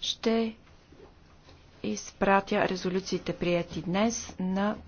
ще изпратя резолюциите прияти днес на